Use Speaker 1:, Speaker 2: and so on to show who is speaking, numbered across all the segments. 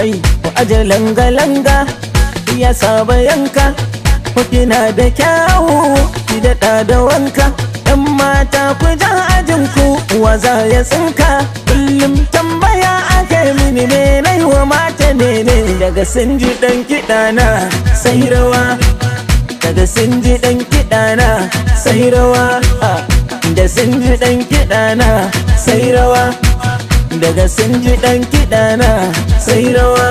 Speaker 1: kai ku aje langa-langa ya saba yanka
Speaker 2: ku kina da kyawu ki daɗa da wanka ɗan mata ku ja ajin ku wa za ya tsinka kullum tambaya ake mini me wa mata ne ne daga sun ji ɗan kiɗana sai rawa daga sun ji ɗan sai rawa ah, da sun ji ɗan na sai rawa daga sun ji ɗan kiɗana sai rawa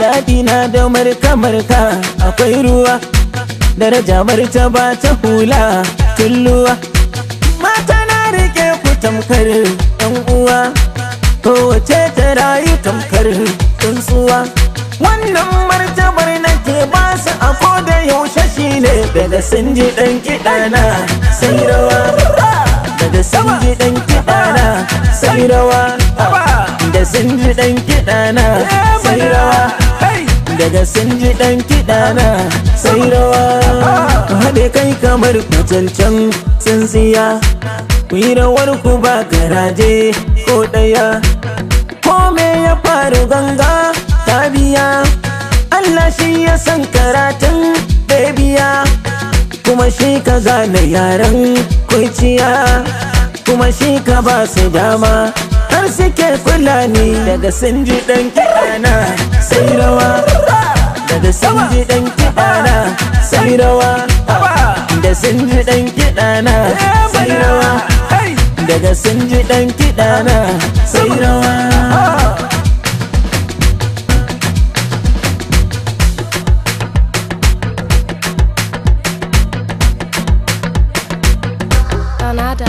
Speaker 2: Daɗina da marka-marka akwai ruwa Daraja marta ba ta hula tulluwa Mata na rike ku tamkar ɗan uwa Kowace ta rayu tamkar tsuntsuwa Wannan martabar Bahaushe shi ne daga sun ji ɗan kiɗana sai rawa daga sun ji ɗan kiɗana sai rawa da sun ji ɗan kiɗana sai rawa daga sun ji ɗan kiɗana sai rawa haɗe kai kamar kwacancan tsintsiya ku yi rawar ku ba garaje ko ɗaya kome ya faru ganga ta biya Allah shi ya san karatun bebiya kuma shi ka zane yaren kwanciya, kuma shi ka ba su dama har suke fulani daga sun ji dan kiɗana sai rawa daga sun ji dan kiɗana sai rawa da sun ji dan kiɗana sai rawa daga sun ji dan kiɗana sai rawa
Speaker 1: Sanada.